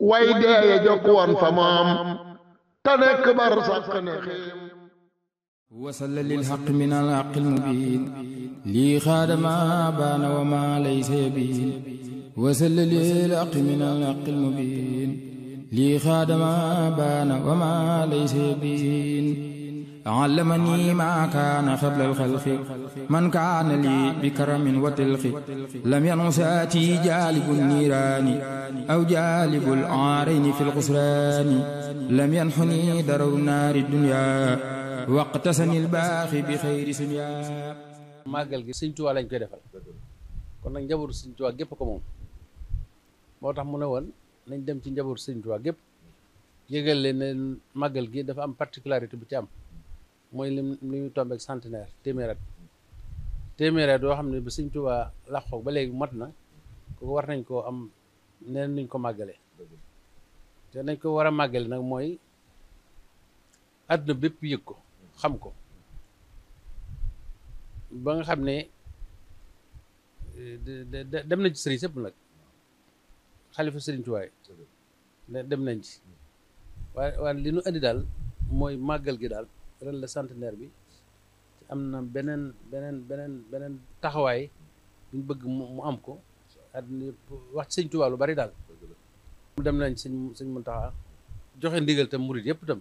way deeye jokk woon fa moom te nekk bar sàkk ne xiim wasalla lilxaq min alxaq almubin lii xaadama baana wa ma laysa yabin wasalla lilxaq min alxaq almubin lii xaadama baana wa ma laysa yabin علمني ما كان قبل الخلق من كان لي بكرم وتلق لم ينساتي جالب النيران أو جالب العارين في القسران لم ينحني درو نار الدنيا واقتسني الباخي بخير سنيا màggal gi Sëñ Tuubaa lañ koy defal njabootu Sëñ Tuubaa gépp ko moom moo tax mu ne woon nañ dem ci njabootu Sëñ Tuubaa gépp yëgal leen ne màggal gi dafa am particularité bu ci am mooy lim li ñu tombeek centenaire téeméerat téeméerat doo xam ne ba Sëñ Tuubaa làqoo ba léegi mot na kooku war nañ koo am neen nuñ ko màggale te nañ ko war a màggale nag mooy àdduna bépp yëg ko xam ko ba nga xam ne dem nañ ci sëriñ sëpp nag xalifa sëriñ Tuubaa dem nañ ci waaye waaye li nu andi daal mooy màggal gi daal ren la centenaire bi am na beneen beneen beneen beneen taxawaay buñ bëgg mu am ko àdduna wax ci sëñ Tuubaa lu bari daal dem nañ sëñ sëñ Muntaxa joxe ndigal mu murit yëpp tam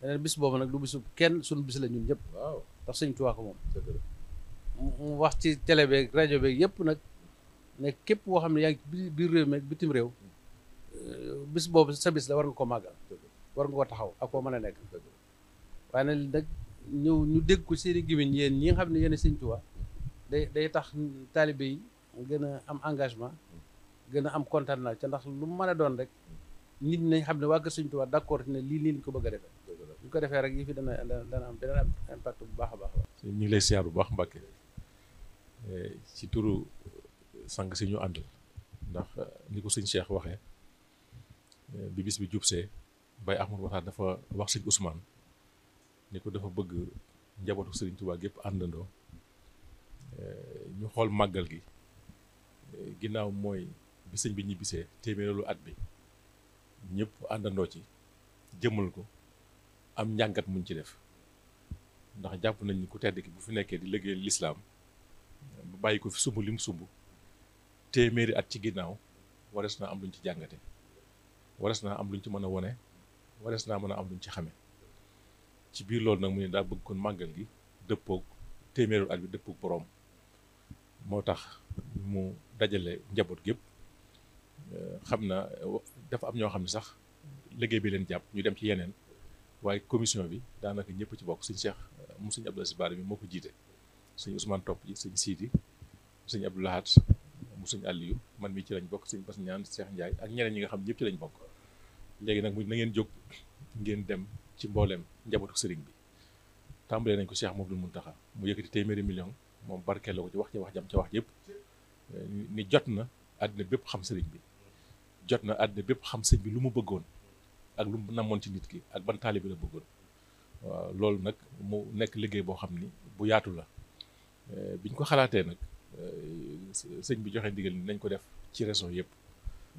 beneen bis boobu nag du bisu kenn suñu bis la ñun ñëpp waaw ndax sëñ Tuubaa ko moom mu wax ci télé beeg rajo beeg yëpp nag ne képp koo xam ne yaa ngi biir réew mi bitim réew hmm. eh, bis boobu sa bis la war nga ko màggal war nga ko taxaw ak koo mën a nekk waaye nag nag ñëw ñu dégg ko seen i gémmiñ yéen ñi nga xam ne yéen a sëñ day day tax taalibe yi gën a am engagement gën a am kontaan naa ca ndax lu mu mën a doon rek nit ñi xam ne waa kër sëñ Tuubaa d'accord ne lii nii ko bëgg a defee ñu ko defee rek yi fi dana dana am beneen impact bu baax a baax ñu ngi lay siyaar bu baax Mbàkke eh, ci turu sang si ñu ànd ndax li eh, ko sëñ Cheikh waxee eh, bi bis bi jub see Baye Ahmadou dafa wax sëñ Ousmane ni ko dafa bëgg njabootu Serigne Touba gépp àndandoo eh, ñu xool màggal gi eh, ginnaaw mooy bi bi ñibbisee téeméeralu at bi ñëpp àndandoo ci jëmal ko am njàngat muñ ci def ndax jàpp nañ ni ku tedd ki bu fi nekkee di liggéeyal lislaam ba bàyyi ko fi sumb li mu sumb téeméeri at ci ginnaaw warees naa am luñ ci jàngate warees naa am luñ ci mën a wone warees naa mën a am luñ ci xame ci biir loolu nag mu ne daa bëgg kon màggal gi dëppook téeméeru at bi dëppoog boroom moo tax mu dajale njaboot gépp euh, xam na dafa am ñoo xam ne sax liggéey bi leen jàpp ñu dem ci yeneen waaye commission bi daanaka ñëpp ci bokk suñ Cheikh mu suñ Abdoulaye Sy Bara bi moo ko jiite suñ Ousmane Topp yi suñ Sidi suñ Abdou Lahat mu suñ Aliou man mi ci lañ bokk suñ Bas Ñaan Cheikh Ndiaye ak ñeneen ñi nga xam ñëpp ci lañ bokk léegi nag mu na ngeen jóg ngeen dem ci mbooleem njabootu sëriñ bi tàmbalee nañ ko Cheikh Mouhamadoul Mountakha mu yëkkati téeméeri million moom barkeel la ko ci wax ci wax jam ca wax yëpp ni jot na àddina bépp xam sëriñ bi jot na àddina bépp xam sëriñ bi lu mu bëggoon ak lu mu namoon ci nit ki ak ban taalibe la bëggoon loolu nag mu nekk liggéey boo xam ni bu yaatu la eh, biñ ko xalaatee nag eh, sëñ bi joxe ndigal ni nañ ko def ci région yëpp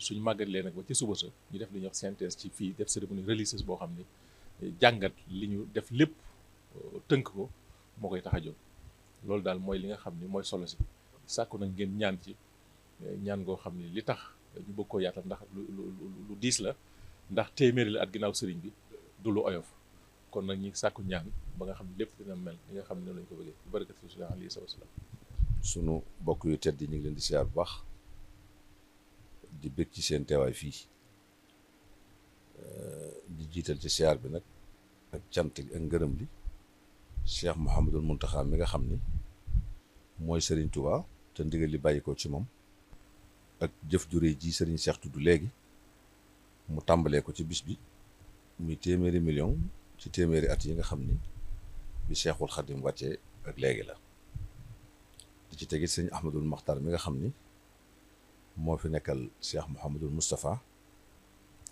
suñ màggat leen nag ba ci suba sa ñu def li ñuy wax synthèse ci fii def cérémonie religieuse boo xam ni jàngat li ñu def lépp euh, tënk ko moo koy tax a jóg loolu daal mooy li nga xam ni mooy solo si sàkku nag ngeen ñaan ci euh, ñaan goo xam ni li tax ñu bëgg koo yaatal ndax lu lu diis la ndax téeméeri la at ginnaaw sëriñ bi du lu oyof kon nag ñi sàkku ñaan ba nga xam ne lépp dina mel li nga xam ne noonu lañ ko bëggee barakat fi sula alayhi salaam sunu bokk yu tedd ñu ngi leen di siyaar bu baax di bëgg ci seen teewaay fii euh, di jiital ci siyaar bi nag ak cant gi ak ngërëm li Cheikh Mouhamadul Mountakha mi nga xam ni mooy sëriñ Touba te ndigal li bàyyi ko ci moom ak jëf jure ji sëriñ Cheikh tudd léegi mu tàmbalee ko ci bis bi muy téeméeri million ci téeméeri at yi nga xam ni bi Cheikhul Khadim wàcce ak léegi la di ci tegit Serigne Ahmadul Makhtar mi nga xam ni moo fi nekkal Cheikh Mouhamadul Moustapha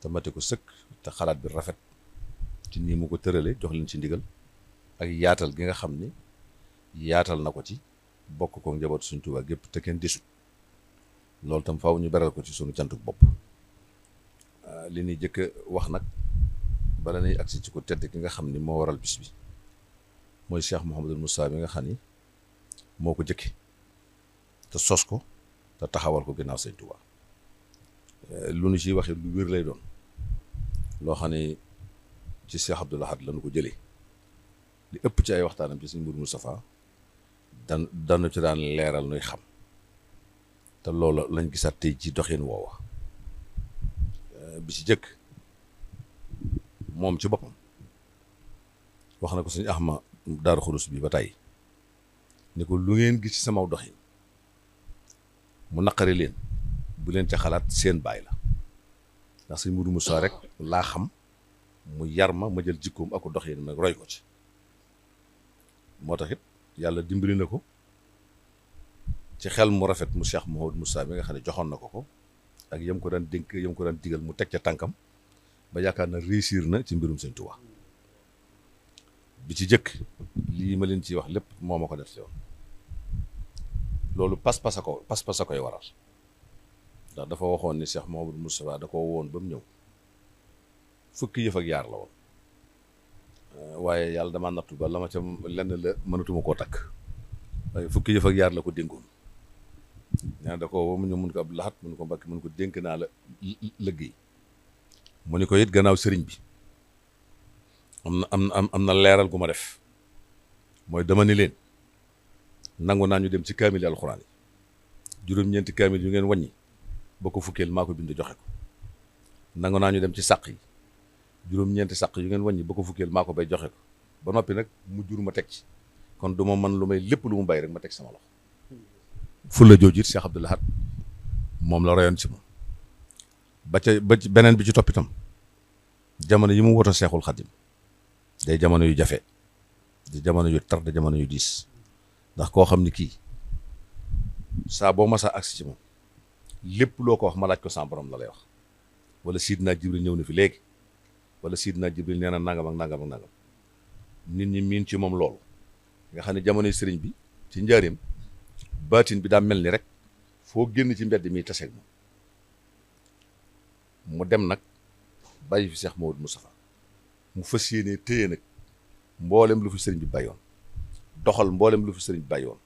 te mate ko sëkk te xalaat bi rafet ci nii mu ko tëralee jox leen ci ndigal ak yaatal gi nga xam ni yaatal na ko ci bokk ko njaboot suñ Tuubaa gépp te kenn loolu tam faw ñu beral ko ci suñu cantuk bopp ah, li ñuy jëkk wax nag bala ñuy agsi ci ko tedd ki nga xam ni moo waral bis mooy Cheikh Mouhamadul Moussa bi nga xam ni moo ko jëkke te sos ko te taxawal ko ginnaaw sëñ Tuubaa eh, lu nu ciy waxee lu wér lay doon loo xam ni ci Cheikh Abdoul Ahad lañu ko jëlee li ëpp ci ay waxtaanam ci suñ Mourou Moustapha dan danu ci daan leeral nuy xam te loolu lañ gisaat tey ci doxin woowa euh, bi ci jëkk moom ci boppam wax na ko suñu axma daaru xurus bi ba tey ni ko lu ngeen gis ci samaw doxin mu naqari leen bu leen ca xalaat seen baay la ndax suñ Mourou Moustapha rek laa xam mu yar ma ma jël jikkoom ak doxin nag roy ko ci moo tax it yàlla dimbali na ko ci xel mu rafet mu Cheikh Mouhamadou Moussa bi nga xam ne joxoon na ko ko ak yëm ko daan dénk yam ko daan digal mu teg ca tànkam ba yaakaar na réussir na ci mbirum Sëñ Tuubaa bi ci jëkk lii ma leen ciy wax lépp moo ma ko def ci woon loolu pas-pas a ko pas-pas a koy dafa waxoon ni Cheikh Mouhamadou Moussa da ko woon ba mu ñëw fukki yëf ak yaar la woon euh, waaye yàlla damaa nattu ba la ma lenn la mënatuma koo takk waaye fukki yëf ak yaar la ko dénkoon ñaan da ko wo mu ñu mun ko ab laxat mun ko mbakki mun ko dénk naa la liggéey mu ni ko it gannaaw sëriñ bi am na am na am na leeral gu ma def mooy dama ni leen nangu naa ñu dem ci kaamil yi alxuraan yi juróom-ñeenti kaamil yu ngeen wàññi ba ko fukkeel maa ko bind joxe ko nangu naa ñu dem ci sàq yi juróom-ñeenti sàq yu ngeen wàññi ba ko fukkeel maa ko bay joxe ko ba noppi nag mu jur ma teg ci kon du ma man lu may lépp lu mu bay rek ma teg sama loxo fulla jooju it Cheikh Abdou Lahad moom la rayoon ci moom ba ca ba beneen bi ci toppitam jamono yi mu woto Seexul Xadim day jamono yu jafe di jamono yu tar da jamono yu diis ndax koo xam ni kii saa boo masa agsi ci moom lépp loo ko wax ma laaj ko sama borom la lay wax wala Sidna Jibril ñëw na fi léegi wala Sidina Jibril nee na nangam ak nangam ak nangam nit ñi miin ci moom loolu nga xam ne jamonoy sëriñ bi ci njaareem baatin bi daa mel ni rek foo génn ci mbedd mii taseeg moom mu dem nag bàyyi fi Seex Mawud Moustapha mu fas yéenee téye nag mboolem lu fi sëriñ bi bàyyoon doxal mboolem lu fi sëriñ bi bàyyoon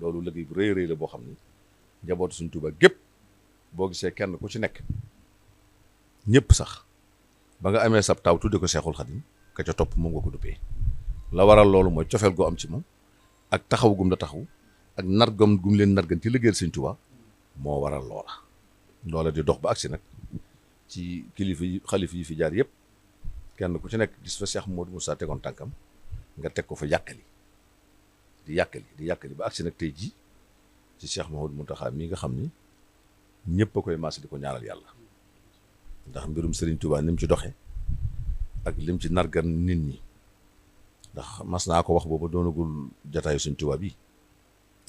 loolu liggéey bu rëy rëy la boo xam ne njabootu suñ Tuuba gépp boo gisee kenn ku ci nekk ñëpp sax ba nga amee sab taw tudde ko seexul xadim ka ca topp moom nga ko duppee la waral loolu mooy cofeel goo am ci moom ak taxaw gum la taxaw ak nar gum leen nargan ci liggéeyal sëñ Tuubaa moo waral loola loola di dox ba agsi nag ci kilifa yi xalifa yi fi jaar yëpp kenn ku ci nekk gis fa Seex Moodu Musaa tegoon tànkam nga teg ko fa yàkkali di yàkkali di yàkkali ba agsi nag tey ji ci Seex Mahmadu Muntaxaa mii nga xam ni ñëpp a koy maase di ko ñaanal yàlla ndax mbirum sëriñ Touba ni ci doxe ak lim ci nargan nit ñi ndax mas naa ko wax booba doonagul jataayu Serigne Touba bi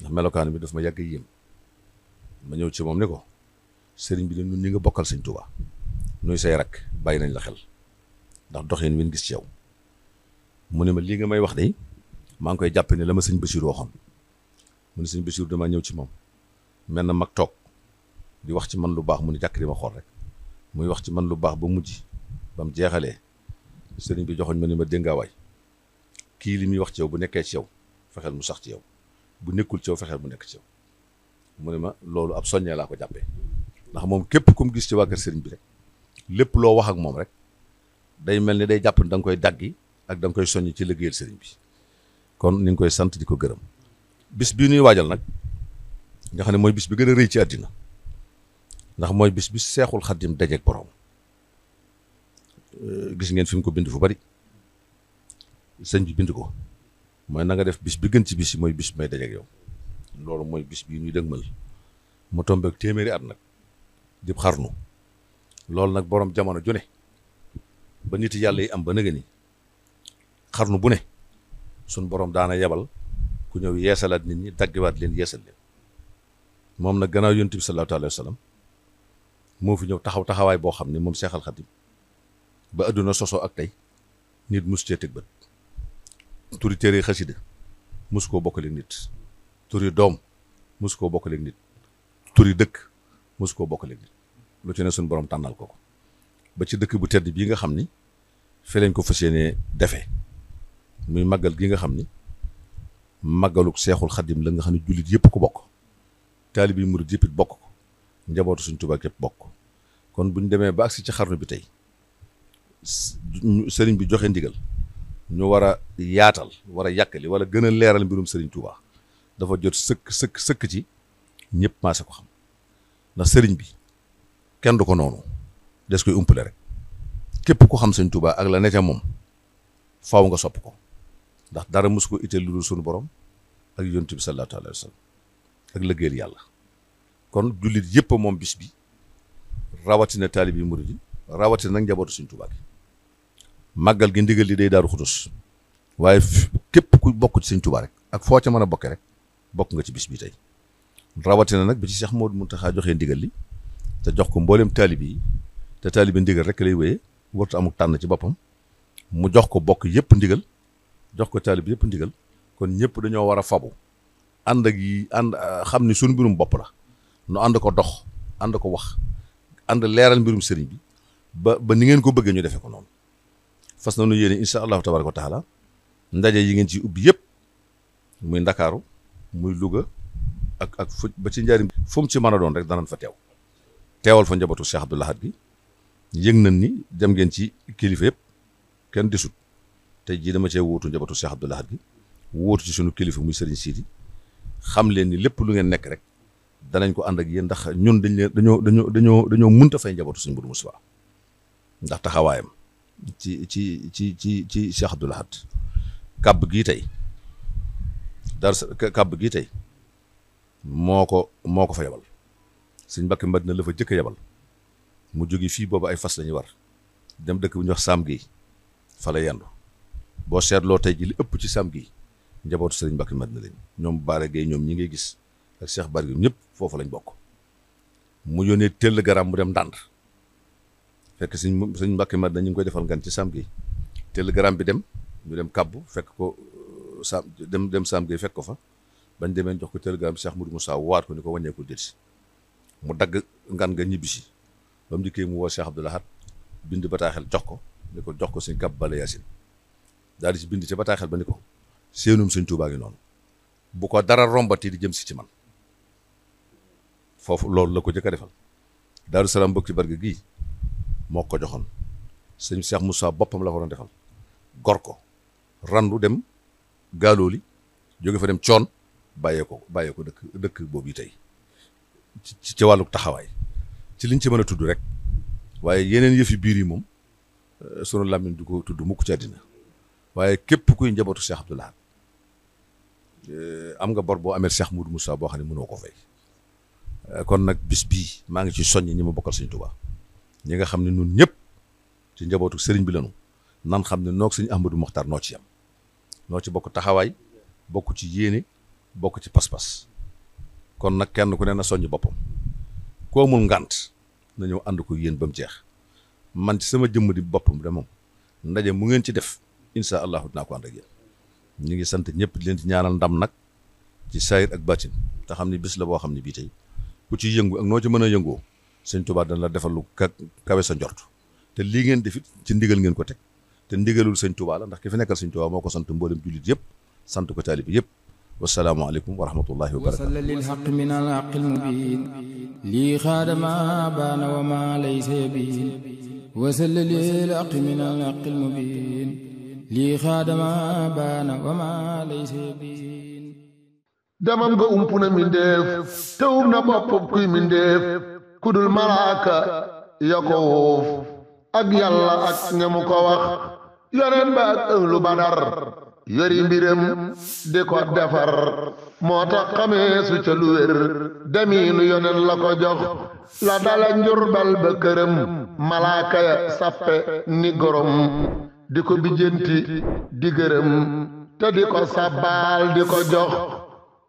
ndax melokaan bi daf ma yàgg yéem ma ñëw ci moom ni ko Serigne bi de ñun ñi nga bokkal Serigne Touba nuy say rak bàyyi nañ la xel ndax doxin wi ñu gis ci yow mu ne ma lii nga may wax dey maa ngi koy jàpp la ma sëñ Bachir waxoon mu ne sëñ Bachir damaa ñëw ci moom mel na mag toog di wax ci man lu baax mu ne jàkk di ma xool rek. muy wax ci man lu baax ba mujj ba mu jeexalee sëriñ bi joxoñ ma ni ma déngaawaay kii li muy wax ci yow bu nekkee ci yow fexeel mu sax ci yow bu nekkul ci yow fexeel mu nekk ci yow mu ne ma loolu ab soññee laa ko jàppee ndax moom képp kum gis ci waa kër sëriñ bi rek lépp loo wax ak moom rek day mel ni day jàpp ne da koy daggi ak da koy soññ ci liggéeyal sëriñ bi kon ni ngi koy sant di ko gërëm bis bii nuy waajal nag nga xam ne mooy bis bi gën a rëy ci àddina ndax mooy bis bi seexul xaddim dajeeg borom euh, gis ngeen fi ko bind fu bari sëñ bi bind ko mooy na nga def bis bi gën ci bis mooy bis bi may dajeeg yow loolu mooy bis bii ñuy dëgmal mu tombeeg téeméeri at nag di xarnu loolu nag boroom jamono ju ne ba nit yàlla yi am ba nëgë ni xarnu bu ne suñ borom daana yebal ku ñëw yeesalaat nit ñi daggiwaat leen yeesal leen moom nag gannaaw yonent bi sallallahu alayhi wa moo fi ñëw taxaw taxawaay boo xam ne moom Seex al ba àdduna sosoo ak tey nit mus cee teg bët turi téere xasida mus koo bokkaleeg nit turi doom mus koo bokk bokkaleeg nit turi dëkk mus koo bokkaleeg nit lu ci ne suñu borom tànnal ko ko ba ci dëkk bu tedd bii nga xam ni fi lañ ko fas yéenee defe muy màggal gi nga xam ni màggaluk seexul xadim la nga xam ne jullit yëpp ko bokk taalibi murid yëpp it bokk ko njabootu suñ tubaab yëpp bokk kon bu ñu demee ba agsi ci xarnu bi tey sëriñ bi joxe ndigal ñu war a yaatal war a yàkkali wala gën a leeral mbirum sëriñ Touba dafa jot sëkk sëkk sëkk ci ñépp maase ko xam ndax sëriñ bi kenn du ko noonu des ko umpale rek képp ku xam sëñ Touba ak la nekk moom faaw nga sopp ko ndax dara mosu ko lu dul suñu borom ak yonent bi sallallahu alayhi wa sallam ak lëggéeyal yàlla kon jullit yëpp moom bis bi rawatina taalib yi murid yi rawatina nag njabootu Sëriñ Tuubaa gi màggal gi ndigal day daaru xutus waaye képp ku bokk ci Sëriñ rek ak foo ca mën a bokke rek bokk nga ci bis bi tey rawatina nag bi ci Cheikh Modou Mountakha joxee ndigal li te jox ko mboolem taalib yi te taalib yi ndigal rek lay wéyee wartu amul tànn ci boppam mu jox ko bokk yëpp ndigal jox ko taalibi yëpp ndigal kon ñëpp dañoo war a fabu ànd ak yi ànd xam ni suñu mbirum bopp la nu ànd ko dox ànd ko wax ànd leeral mbirum sëriñ bi ba ba ni ngeen ko bëggee ñu defee ko noonu fas na nu yéene incha allahu tabaraka wa ndaje yi ngeen ci ubbi yëpp muy ndakaaru muy Louga ak ak fu ba ci njaarim fu ci mën rek danañ fa teew teewal fa njabootu Cheikh Abdou Lahad bi yëg nañ ni dem ngeen ci kilifa yëpp kenn di desut te jii dama cee wóotu njabootu Cheikh Abdou Lahad bi wóotu ci sunu kilifa muy Serigne Sidi xam leen ni lépp lu ngeen nekk rek danañ ko ànd ak yéen ndax ñun dañ leen dañoo dañoo dañoo dañoo mënta fay njabootu suñu Mbour Moussa ndax taxawaayam ci ci ci ci ci Cheikh Abdou Lahad kàbb gii tey dar kàbb gii tey moo ko moo ko fa yabal suñ mbakki Madina la fa jëkk yabal mu jóge fii boobu ay fas lañuy war dem dëkk bu ñuy wax saam gi fa la yendu boo seetloo tey ji li ëpp ci saam gi njabootu sëriñ mbakki Madina lañ ñoom baare gay ñoom ñi ngay gis ak Cheikh Barguim ñëpp foofu lañ bokk mu yónnee tëll garam mu dem ndànd fekk suñ suñ mbàkki mat na ñu koy defal ngan ci sam gi tëll garam bi dem ñu dem kabbu fekk ko euh, sam dem dem sam gi fekk ko fa bañ demee jox ko tëll garam Cheikh Moudou Moussa waat ko ni ko wàññeeku déet si mu dagg ngan nga ñibbi si ba mu dikkee mu woo Cheikh Abdou Lahad bind jox ko ni ko jox ko suñ kab bala yaasin daal di si bind ci bataaxel ba ni ko seenum suñ tuubaa ngi noonu bu ko dara rombati di jëm si ci man foofu loolu la ko jëkk a defal daaru salaam bëgg ci barke gii moo ko joxoon sëñ Cheikh mussa boppam la ko doon defal gor ko randu dem gaalooli jóge fa dem coon bàyyee ko bàyyee dëkk dëkk boobu yi tey ci ci wàllu taxawaay ci liñ ci mën a tudd rek waaye yeneen yëfi biir yi moom euh, sunu làmmiñ du ko tudd mukk ci àddina waaye képp kuy njabootu Cheikh Abdoul euh, am nga bor boo amee Cheikh Moudou Moussa boo xam ne mënoo ko fay Euh, kon nag bis bii maa ngi ci soññ ñi ma bokkal sëñ Tuubaa ñi nga xam ne nun ñëpp ci njabootu sëriñ bi lanu nan xam ne noog sëñ Ahmadou Mokhtar noo ci yam noo ci bokk taxawaay bokk ci yéene bokk ci pas-pas kon nag kenn ku ne na soññ boppam ku amul ngànt na ñëw ànd ko yéen ba mu jeex man ci sama jëmm di boppam de moom ndaje mu ngeen ci def incha allahu dinaa ko ànd ak yéen ñu ngi sant ñëpp di leen ci ñaanal ndam nag ci saayir ak baatin te xam ne bis la boo xam ne bii tey ku ci yëngu ak noo ci mën a yëngoo sëñ Tuubaa dana la defal lu ka kawe sa njort te lii ngeen defit ci ndigal ngeen ko teg te ndigalul sëñ Tuubaa la ndax ki fi nekkal sëñ Tuubaa moo ko sant mboolem jullit yëpp sant ko taalib yëpp wassalaamu aleykum wa rahmatullahi wa barakatu wasalla lil haq min al haq al mubin lii xaada ma baana wa ma laysa yabin wasalla lil haq min al haq al mubin lii xaada ma baana wa ma laysa yabin demam nga ump na mindéef te um na bopp kuy mindéef kudul malaaka ya ko wuuf ak yàlla ak ñemu ko wax yoneen ba ak ënglu badar yori mbiram di ko defar moo tax xamee su lu wér demiinu yoneen la ko jox la dala njurbal ba këram malaaka ya sappe ni gorom di ko bijjanti di te di ko sabbaal di ko jox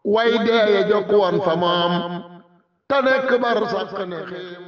way deeye jokk woon fa moom te nekk bar sàkk ne xéew